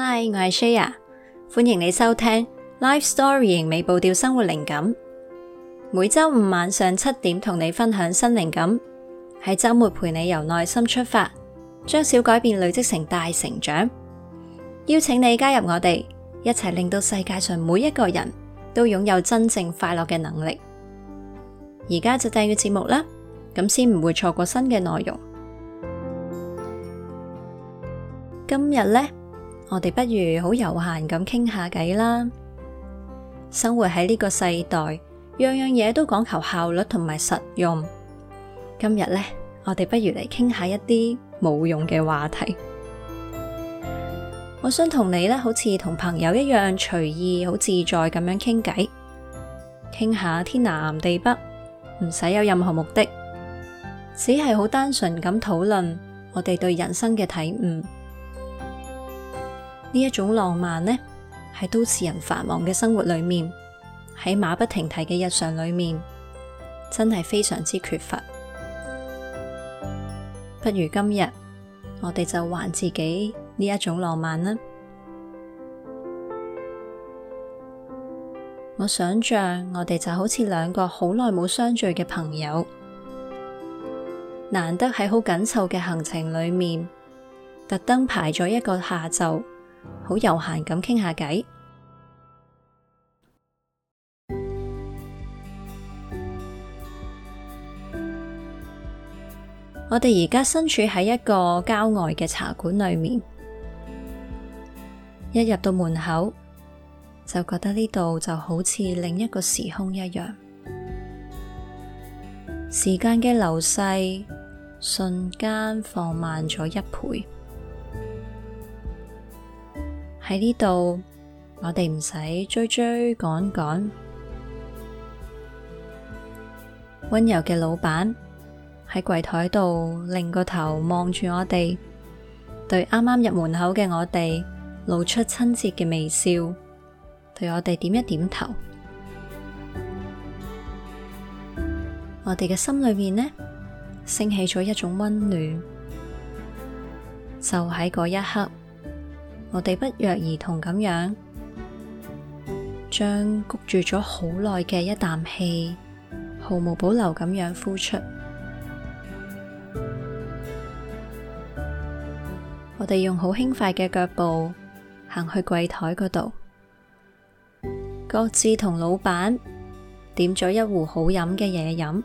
嗨，我係 Shea，歡迎你收聽 Life Story 微步調生活靈感，每周五晚上七點同你分享新靈感，喺周末陪你由內心出發，將小改變累積成大成長，邀請你加入我哋，一齊令到世界上每一個人都擁有真正快樂嘅能力。而家就訂閱節目啦，咁先唔會錯過新嘅內容。今日呢。我哋不如好悠閒咁傾下偈啦。生活喺呢個世代，樣樣嘢都講求效率同埋實用。今日咧，我哋不如嚟傾下一啲冇用嘅話題。我想同你咧，好似同朋友一樣隨意，好自在咁樣傾偈，傾下天南地北，唔使有任何目的，只係好單純咁討論我哋對人生嘅體悟。呢一種浪漫呢，喺都市人繁忙嘅生活裏面，喺馬不停蹄嘅日常裏面，真係非常之缺乏。不如今日，我哋就還自己呢一種浪漫啦。我想象我哋就好似兩個好耐冇相聚嘅朋友，難得喺好緊湊嘅行程裏面，特登排咗一個下晝，好悠閒咁傾下偈。我哋而家身處喺一個郊外嘅茶館裏面，一入到門口，就覺得呢度就好似另一個時空一樣。時間嘅流逝，瞬間放慢咗一倍。喺呢度，我哋唔使追追趕趕，温柔嘅老闆喺櫃台度，擰個頭望住我哋，對啱啱入門口嘅我哋露出親切嘅微笑，對我哋點一點頭，我哋嘅心裏面呢，升起咗一種温暖，就喺嗰一刻。我哋不約而同咁樣，將焗住咗好耐嘅一啖氣，毫無保留咁樣呼出。我哋用好輕快嘅腳步行去櫃檯嗰度，各自同老闆點咗一壺好飲嘅嘢飲，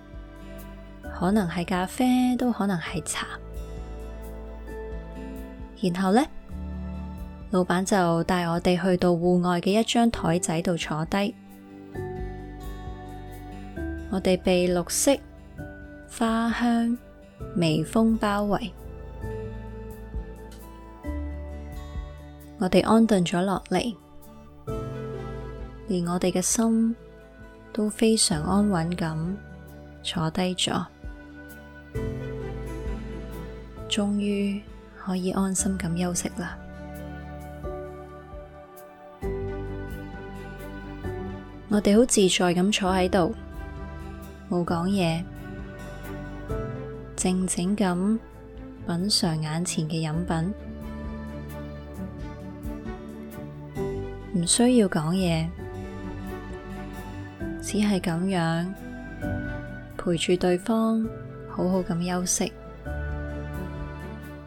可能係咖啡，都可能係茶。然後呢。老闆就帶我哋去到戶外嘅一張台仔度坐低，我哋被綠色、花香、微風包圍，我哋安頓咗落嚟，連我哋嘅心都非常安穩咁坐低咗，終於可以安心咁休息啦。我哋好自在咁坐喺度，冇講嘢，靜靜咁品嘗眼前嘅飲品，唔需要講嘢，只係咁樣陪住對方，好好咁休息，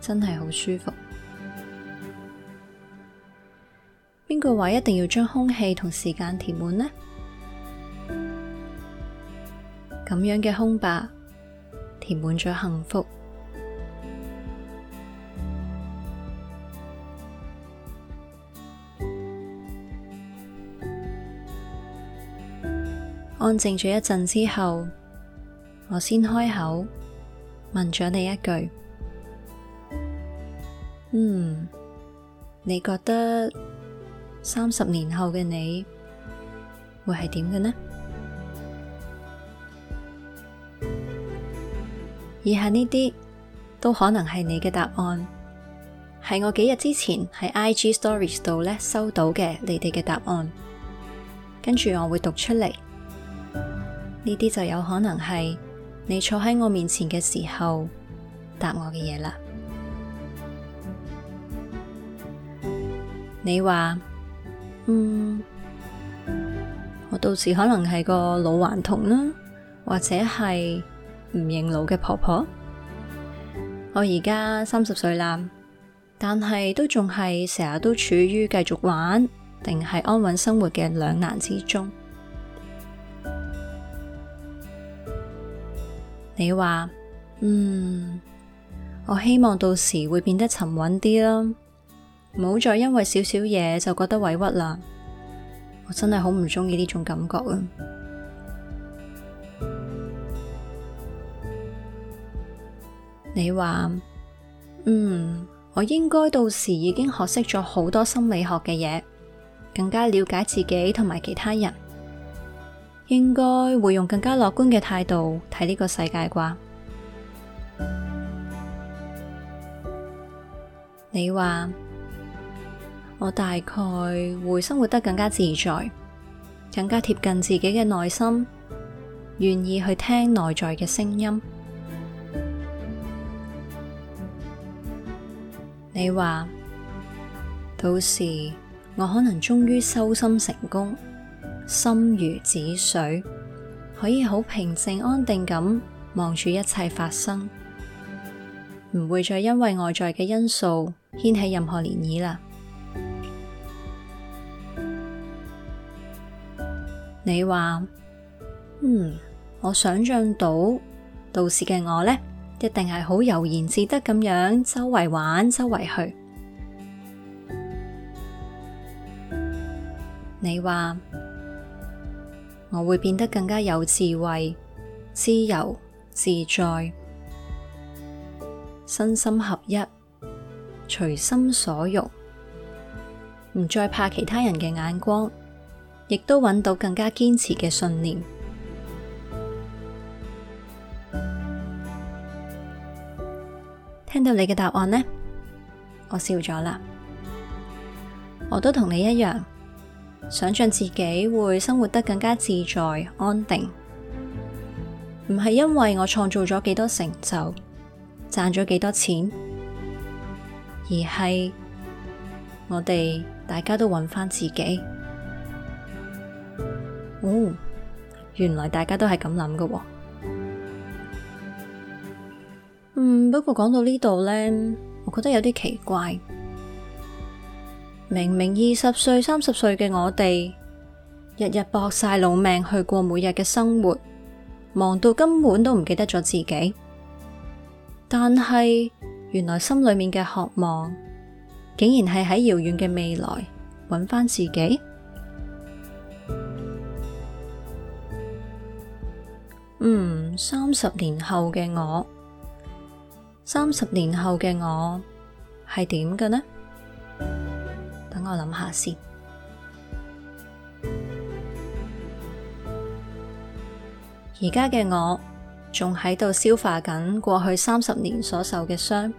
真係好舒服。邊個話一定要將空氣同時間填滿呢？咁樣嘅空白，填滿咗幸福。安靜咗一陣之後，我先開口問咗你一句，嗯，你覺得三十年後嘅你會係點嘅呢？以下呢啲都可能係你嘅答案，係我幾日之前喺 IG Stories 度咧，收到嘅你哋嘅答案，跟住我會讀出嚟。呢啲就有可能係你坐喺我面前嘅時候答我嘅嘢啦。你話，嗯，我到時可能係個老頑童啦，或者係。唔認老嘅婆婆，我而家三十歲啦，但係都仲係成日都處於繼續玩定係安穩生活嘅兩難之中。你話，嗯，我希望到時會變得沉穩啲啦，唔好再因為少少嘢就覺得委屈啦。我真係好唔中意呢種感覺啊！你話：嗯，我應該到時已經學識咗好多心理學嘅嘢，更加了解自己同埋其他人，應該會用更加樂觀嘅態度睇呢個世界啩。你話：我大概會生活得更加自在，更加貼近自己嘅內心，願意去聽內在嘅聲音。你話到時，我可能終於修心成功，心如止水，可以好平靜安定咁望住一切發生，唔會再因為外在嘅因素掀起任何漣漪啦。你話，嗯，我想象到到時嘅我呢。一定係好悠然自得咁樣，周圍玩，周圍去。你話我會變得更加有智慧、自由、自在，身心合一，隨心所欲，唔再怕其他人嘅眼光，亦都揾到更加堅持嘅信念。聽到你嘅答案呢，我笑咗啦。我都同你一樣，想象自己會生活得更加自在安定，唔係因為我創造咗幾多成就，賺咗幾多錢，而係我哋大家都揾翻自己。哦，原來大家都係咁諗嘅喎。嗯，不過講到呢度呢，我覺得有啲奇怪。明明二十歲、三十歲嘅我哋，日日搏晒老命去過每日嘅生活，忙到根本都唔記得咗自己。但係原來心裏面嘅渴望，竟然係喺遙遠嘅未來揾翻自己。嗯，三十年後嘅我。三十年後嘅我係點嘅呢？等我諗下先。而家嘅我仲喺度消化緊過去三十年所受嘅傷，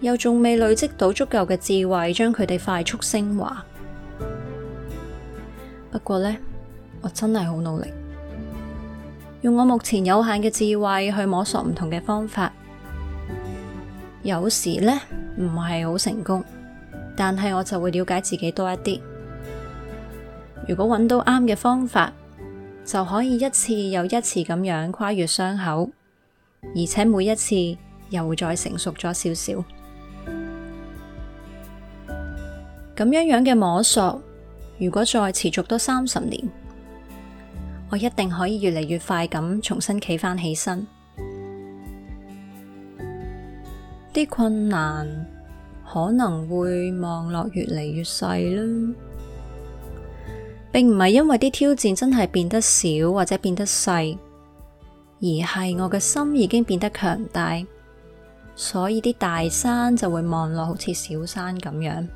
又仲未累積到足夠嘅智慧，將佢哋快速升華。不過呢，我真係好努力。用我目前有限嘅智慧去摸索唔同嘅方法，有時呢，唔係好成功，但係我就會了解自己多一啲。如果揾到啱嘅方法，就可以一次又一次咁樣跨越傷口，而且每一次又會再成熟咗少少。咁樣樣嘅摸索，如果再持續多三十年。我一定可以越嚟越快咁重新企翻起身，啲困難可能會望落越嚟越細啦。並唔係因為啲挑戰真係變得少或者變得細，而係我嘅心已經變得強大，所以啲大山就會望落好似小山咁樣。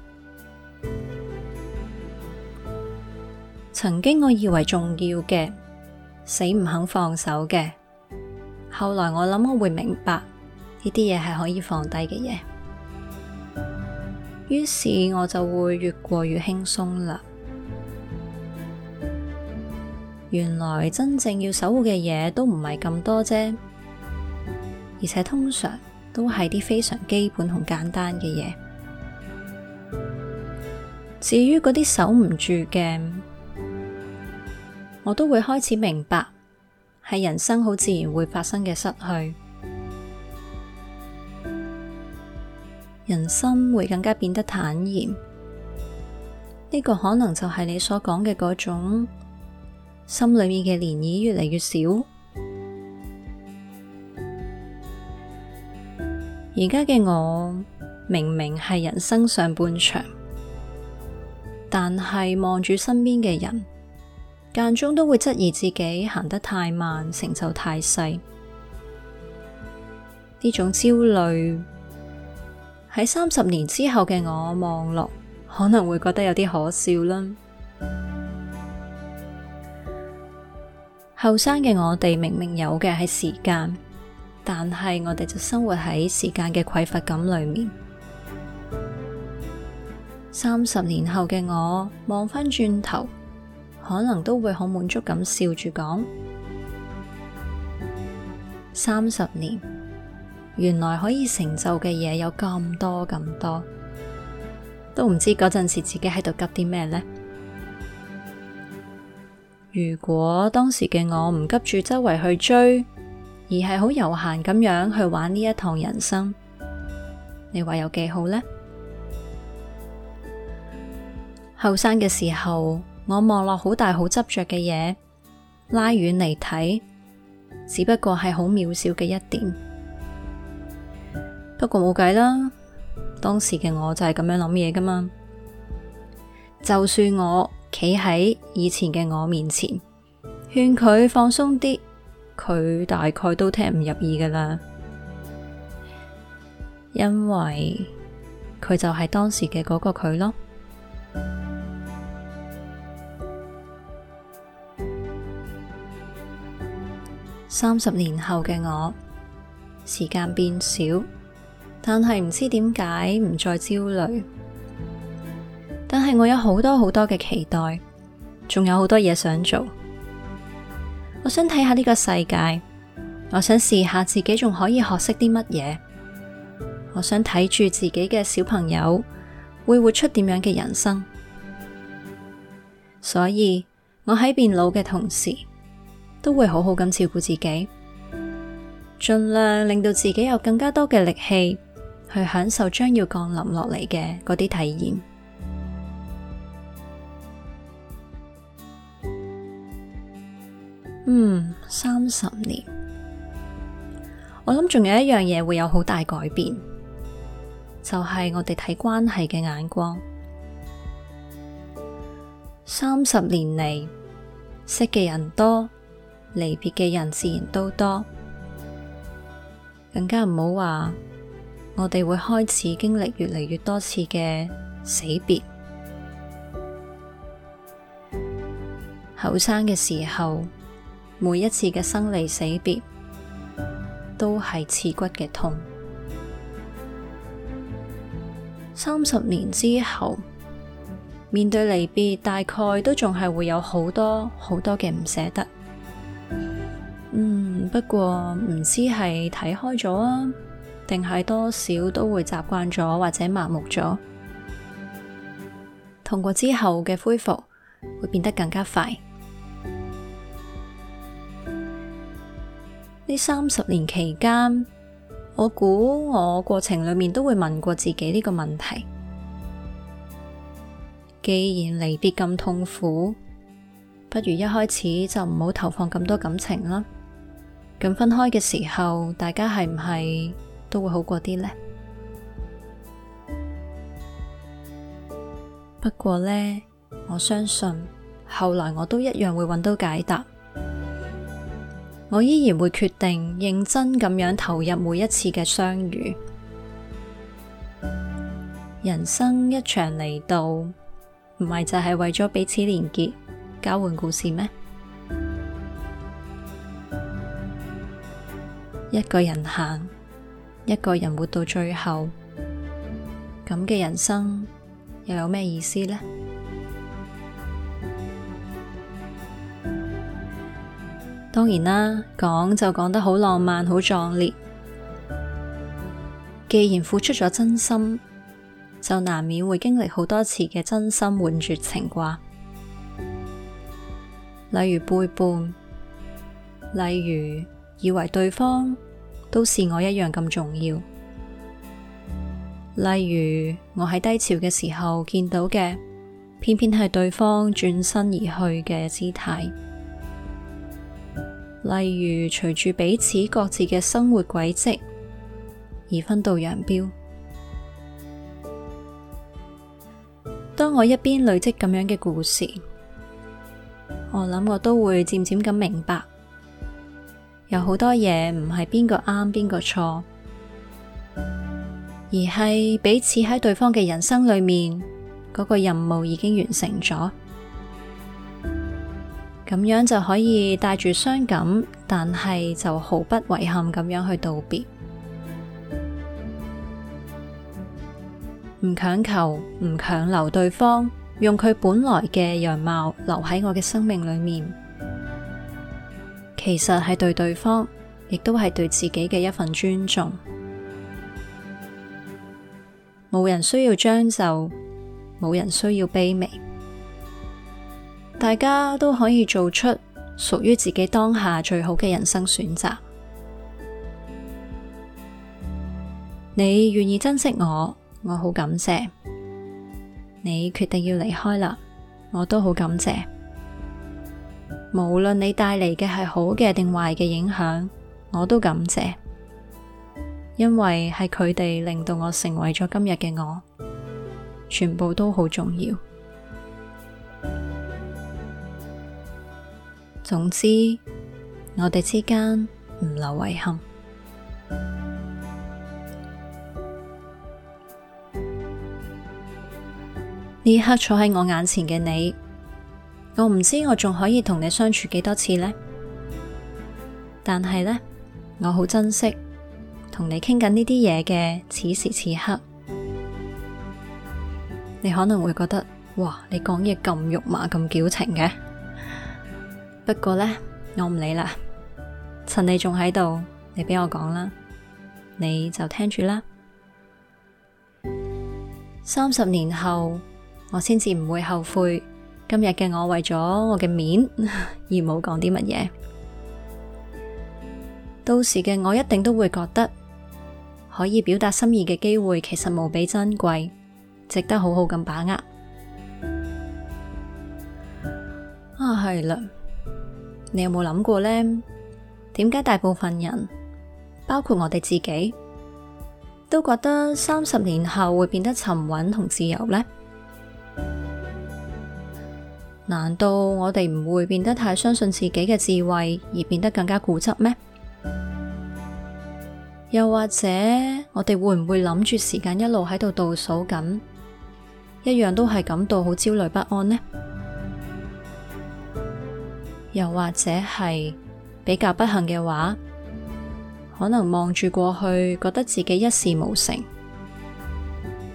曾經我以為重要嘅。死唔肯放手嘅，後來我諗我會明白，呢啲嘢係可以放低嘅嘢，於是我就會越過越輕鬆啦。原來真正要守護嘅嘢都唔係咁多啫，而且通常都係啲非常基本同簡單嘅嘢。至於嗰啲守唔住嘅，我都會開始明白，係人生好自然會發生嘅失去，人心會更加變得坦然。呢個可能就係你所講嘅嗰種心裏面嘅漣漪越嚟越少。而家嘅我明明係人生上半場，但係望住身邊嘅人。間中都會質疑自己行得太慢，成就太細，呢種焦慮喺三十年之後嘅我望落，可能會覺得有啲可笑啦。後生嘅我哋明明有嘅係時間，但係我哋就生活喺時間嘅匱乏感裏面。三十年後嘅我望返轉頭。可能都會好滿足咁笑住講三十年，原來可以成就嘅嘢有咁多咁多，都唔知嗰陣時自己喺度急啲咩呢？如果當時嘅我唔急住周圍去追，而係好悠閒咁樣去玩呢一趟人生，你話有幾好呢？後生嘅時候。我望落好大好執着嘅嘢，拉遠嚟睇，只不過係好渺小嘅一點。不過冇計啦，當時嘅我就係咁樣諗嘢噶嘛。就算我企喺以前嘅我面前，勸佢放鬆啲，佢大概都聽唔入耳噶啦，因為佢就係當時嘅嗰個佢咯。三十年後嘅我，時間變少，但係唔知點解唔再焦慮，但係我有好多好多嘅期待，仲有好多嘢想做。我想睇下呢個世界，我想試下自己仲可以學識啲乜嘢，我想睇住自己嘅小朋友會活出點樣嘅人生，所以我喺變老嘅同時。都會好好咁照顧自己，盡量令到自己有更加多嘅力氣去享受將要降臨落嚟嘅嗰啲體驗。嗯，三十年，我諗仲有一樣嘢會有好大改變，就係我哋睇關係嘅眼光。三十年嚟，識嘅人多，離別嘅人自然都多，更加唔好話我哋會開始經歷越嚟越多次嘅死別。後生嘅時候，每一次嘅生離死別都係刺骨嘅痛。三十年之後，面對離別，大概都仲係會有好多好多嘅唔捨得。嗯，不過唔知係睇開咗啊，定係多少都會習慣咗或者麻木咗。痛過之後嘅恢復會變得更加快。呢三十年期間，我估我過程裏面都會問過自己呢個問題：既然離別咁痛苦，不如一開始就唔好投放咁多感情啦。咁分開嘅時候，大家係唔係都會好過啲呢？不過呢，我相信後來我都一樣會揾到解答，我依然會決定認真咁樣投入每一次嘅相遇。人生一場嚟到，唔係就係為咗彼此連結、交換故事咩？一個人行，一個人活到最後，咁嘅人生又有咩意思呢？當然啦，講就講得好浪漫，好壯烈。既然付出咗真心，就難免會經歷好多次嘅真心換絕情啩。例如背叛，例如以為對方。都是我一樣咁重要。例如，我喺低潮嘅時候見到嘅，偏偏係對方轉身而去嘅姿態。例如，隨住彼此各自嘅生活軌跡而分道揚鑣。當我一邊累積咁樣嘅故事，我諗我都會漸漸咁明白。有好多嘢唔係邊個啱邊個錯，而係彼此喺對方嘅人生裏面嗰個任務已經完成咗，咁樣就可以帶住傷感，但係就毫不遺憾咁樣去道別，唔強求，唔強留對方，用佢本來嘅樣貌留喺我嘅生命裏面。其實係對對方，亦都係對自己嘅一份尊重。冇人需要將就，冇人需要卑微，大家都可以做出屬於自己當下最好嘅人生選擇。你願意珍惜我，我好感謝；你決定要離開啦，我都好感謝。無論你帶嚟嘅係好嘅定壞嘅影響，我都感謝，因為係佢哋令到我成為咗今日嘅我，全部都好重要。總之，我哋之間唔留遺憾。呢刻坐喺我眼前嘅你。我唔知我仲可以同你相處幾多次呢？但係呢，我好珍惜同你傾緊呢啲嘢嘅，此時此刻。你可能會覺得，哇，你講嘢咁肉麻，咁矯情嘅。不過呢，我唔理啦，趁你仲喺度，你畀我講啦，你就聽住啦。三十年後，我先至唔會後悔。今日嘅我為咗我嘅面而冇講啲乜嘢，到時嘅我一定都會覺得，可以表達心意嘅機會其實無比珍貴，值得好好咁把握。啊，係啦，你有冇諗過呢？點解大部分人，包括我哋自己，都覺得三十年後會變得沉穩同自由呢？難道我哋唔會變得太相信自己嘅智慧，而變得更加固執咩？又或者我哋會唔會諗住時間一路喺度倒數緊，一樣都係感到好焦慮不安呢？又或者係比較不幸嘅話，可能望住過去，覺得自己一事無成，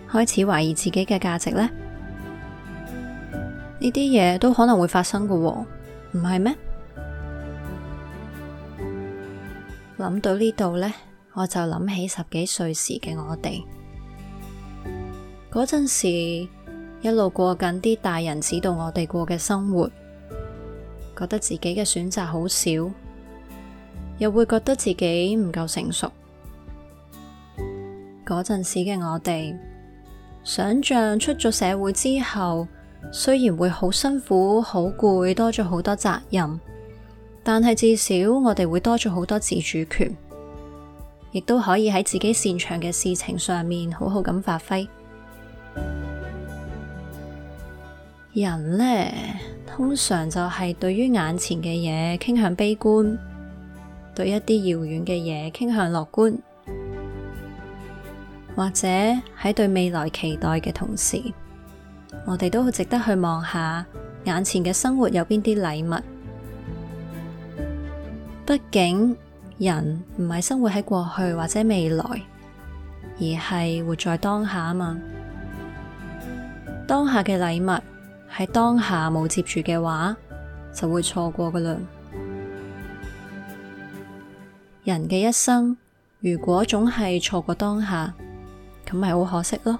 開始懷疑自己嘅價值呢？呢啲嘢都可能會發生㗎喎，唔係咩？諗到呢度呢，我就諗起十幾歲時嘅我哋，嗰陣時一路過緊啲大人指導我哋過嘅生活，覺得自己嘅選擇好少，又會覺得自己唔夠成熟。嗰陣時嘅我哋，想象出咗社會之後。雖然會好辛苦，好攰，多咗好多責任，但係至少我哋會多咗好多自主權，亦都可以喺自己擅長嘅事情上面好好咁發揮。人呢，通常就係對於眼前嘅嘢傾向悲觀，對一啲遙遠嘅嘢傾向樂觀，或者喺對未來期待嘅同時。我哋都好值得去望下眼前嘅生活有邊啲禮物，畢竟人唔係生活喺過去或者未來，而係活在當下啊嘛。當下嘅禮物喺當下冇接住嘅話，就會錯過㗎喇。人嘅一生如果總係錯過當下，咁咪好可惜咯。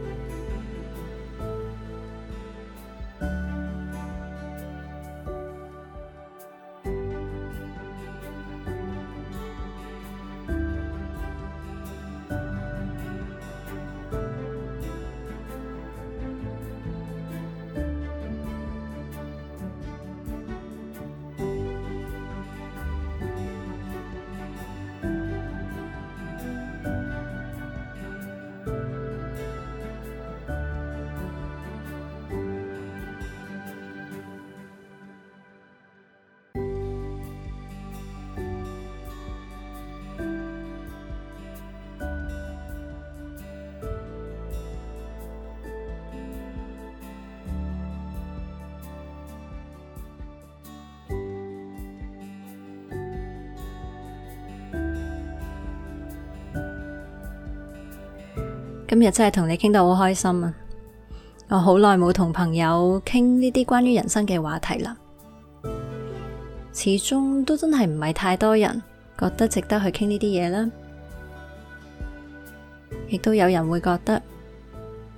今日真係同你傾到好開心啊！我好耐冇同朋友傾呢啲關於人生嘅話題啦，始終都真係唔係太多人覺得值得去傾呢啲嘢啦。亦都有人會覺得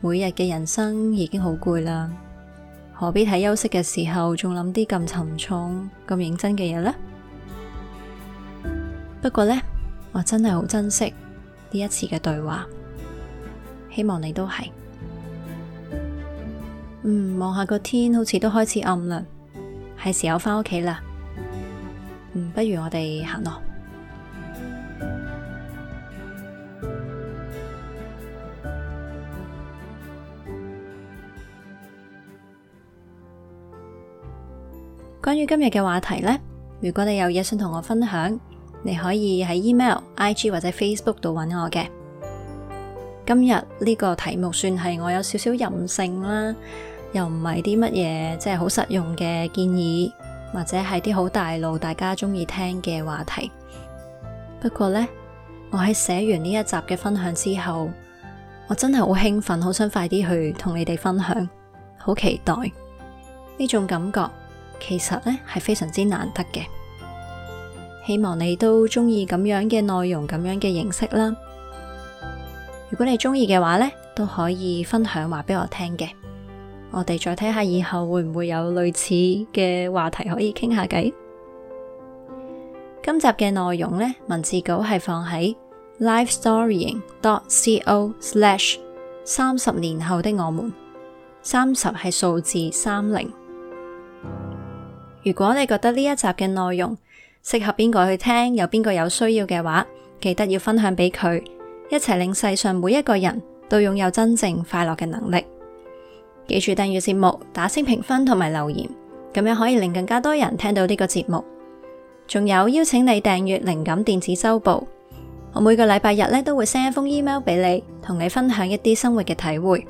每日嘅人生已經好攰啦，何必喺休息嘅時候仲諗啲咁沉重、咁認真嘅嘢呢？不過呢，我真係好珍惜呢一次嘅對話。希望你都係，嗯，望下個天，好似都開始暗啦，係時候翻屋企啦。嗯，不如我哋行咯。關於今日嘅話題呢，如果你有嘢想同我分享，你可以喺 email、IG 或者 Facebook 度揾我嘅。今日呢個題目算係我有少少任性啦，又唔係啲乜嘢，即係好實用嘅建議，或者係啲好大路大家鍾意聽嘅話題。不過呢，我喺寫完呢一集嘅分享之後，我真係好興奮，好想快啲去同你哋分享，好期待。呢種感覺，其實呢係非常之難得嘅，希望你都鍾意咁樣嘅內容，咁樣嘅形式啦。如果你中意嘅話呢，都可以分享話俾我聽嘅。我哋再睇下以後會唔會有類似嘅話題可以傾下偈。今集嘅內容呢，文字稿係放喺 livestorying.co/slash 三十年後的我們。三十係數字三零。如果你覺得呢一集嘅內容適合邊個去聽，有邊個有需要嘅話，記得要分享俾佢。一齊令世上每一個人都擁有真正快樂嘅能力。記住訂閱節目、打聲評分同埋留言，咁樣可以令更加多人聽到呢個節目。仲有邀請你訂閱靈感電子周報，我每個禮拜日咧都會 send 一封 email 俾你，同你分享一啲生活嘅體會。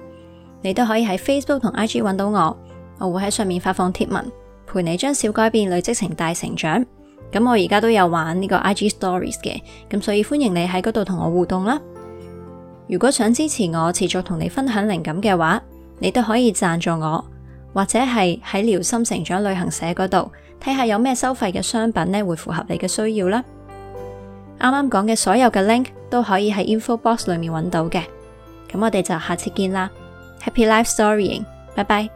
你都可以喺 Facebook 同 IG 搵到我，我會喺上面發放貼文，陪你將小改變累積成大成長。咁我而家都有玩呢個 IG Stories 嘅，咁所以歡迎你喺嗰度同我互動啦。如果想支持我持續同你分享靈感嘅話，你都可以贊助我，或者係喺聊心成長旅行社嗰度睇下有咩收費嘅商品咧會符合你嘅需要啦。啱啱講嘅所有嘅 link 都可以喺 info box 裏面揾到嘅。咁我哋就下次見啦，Happy life storying，拜拜。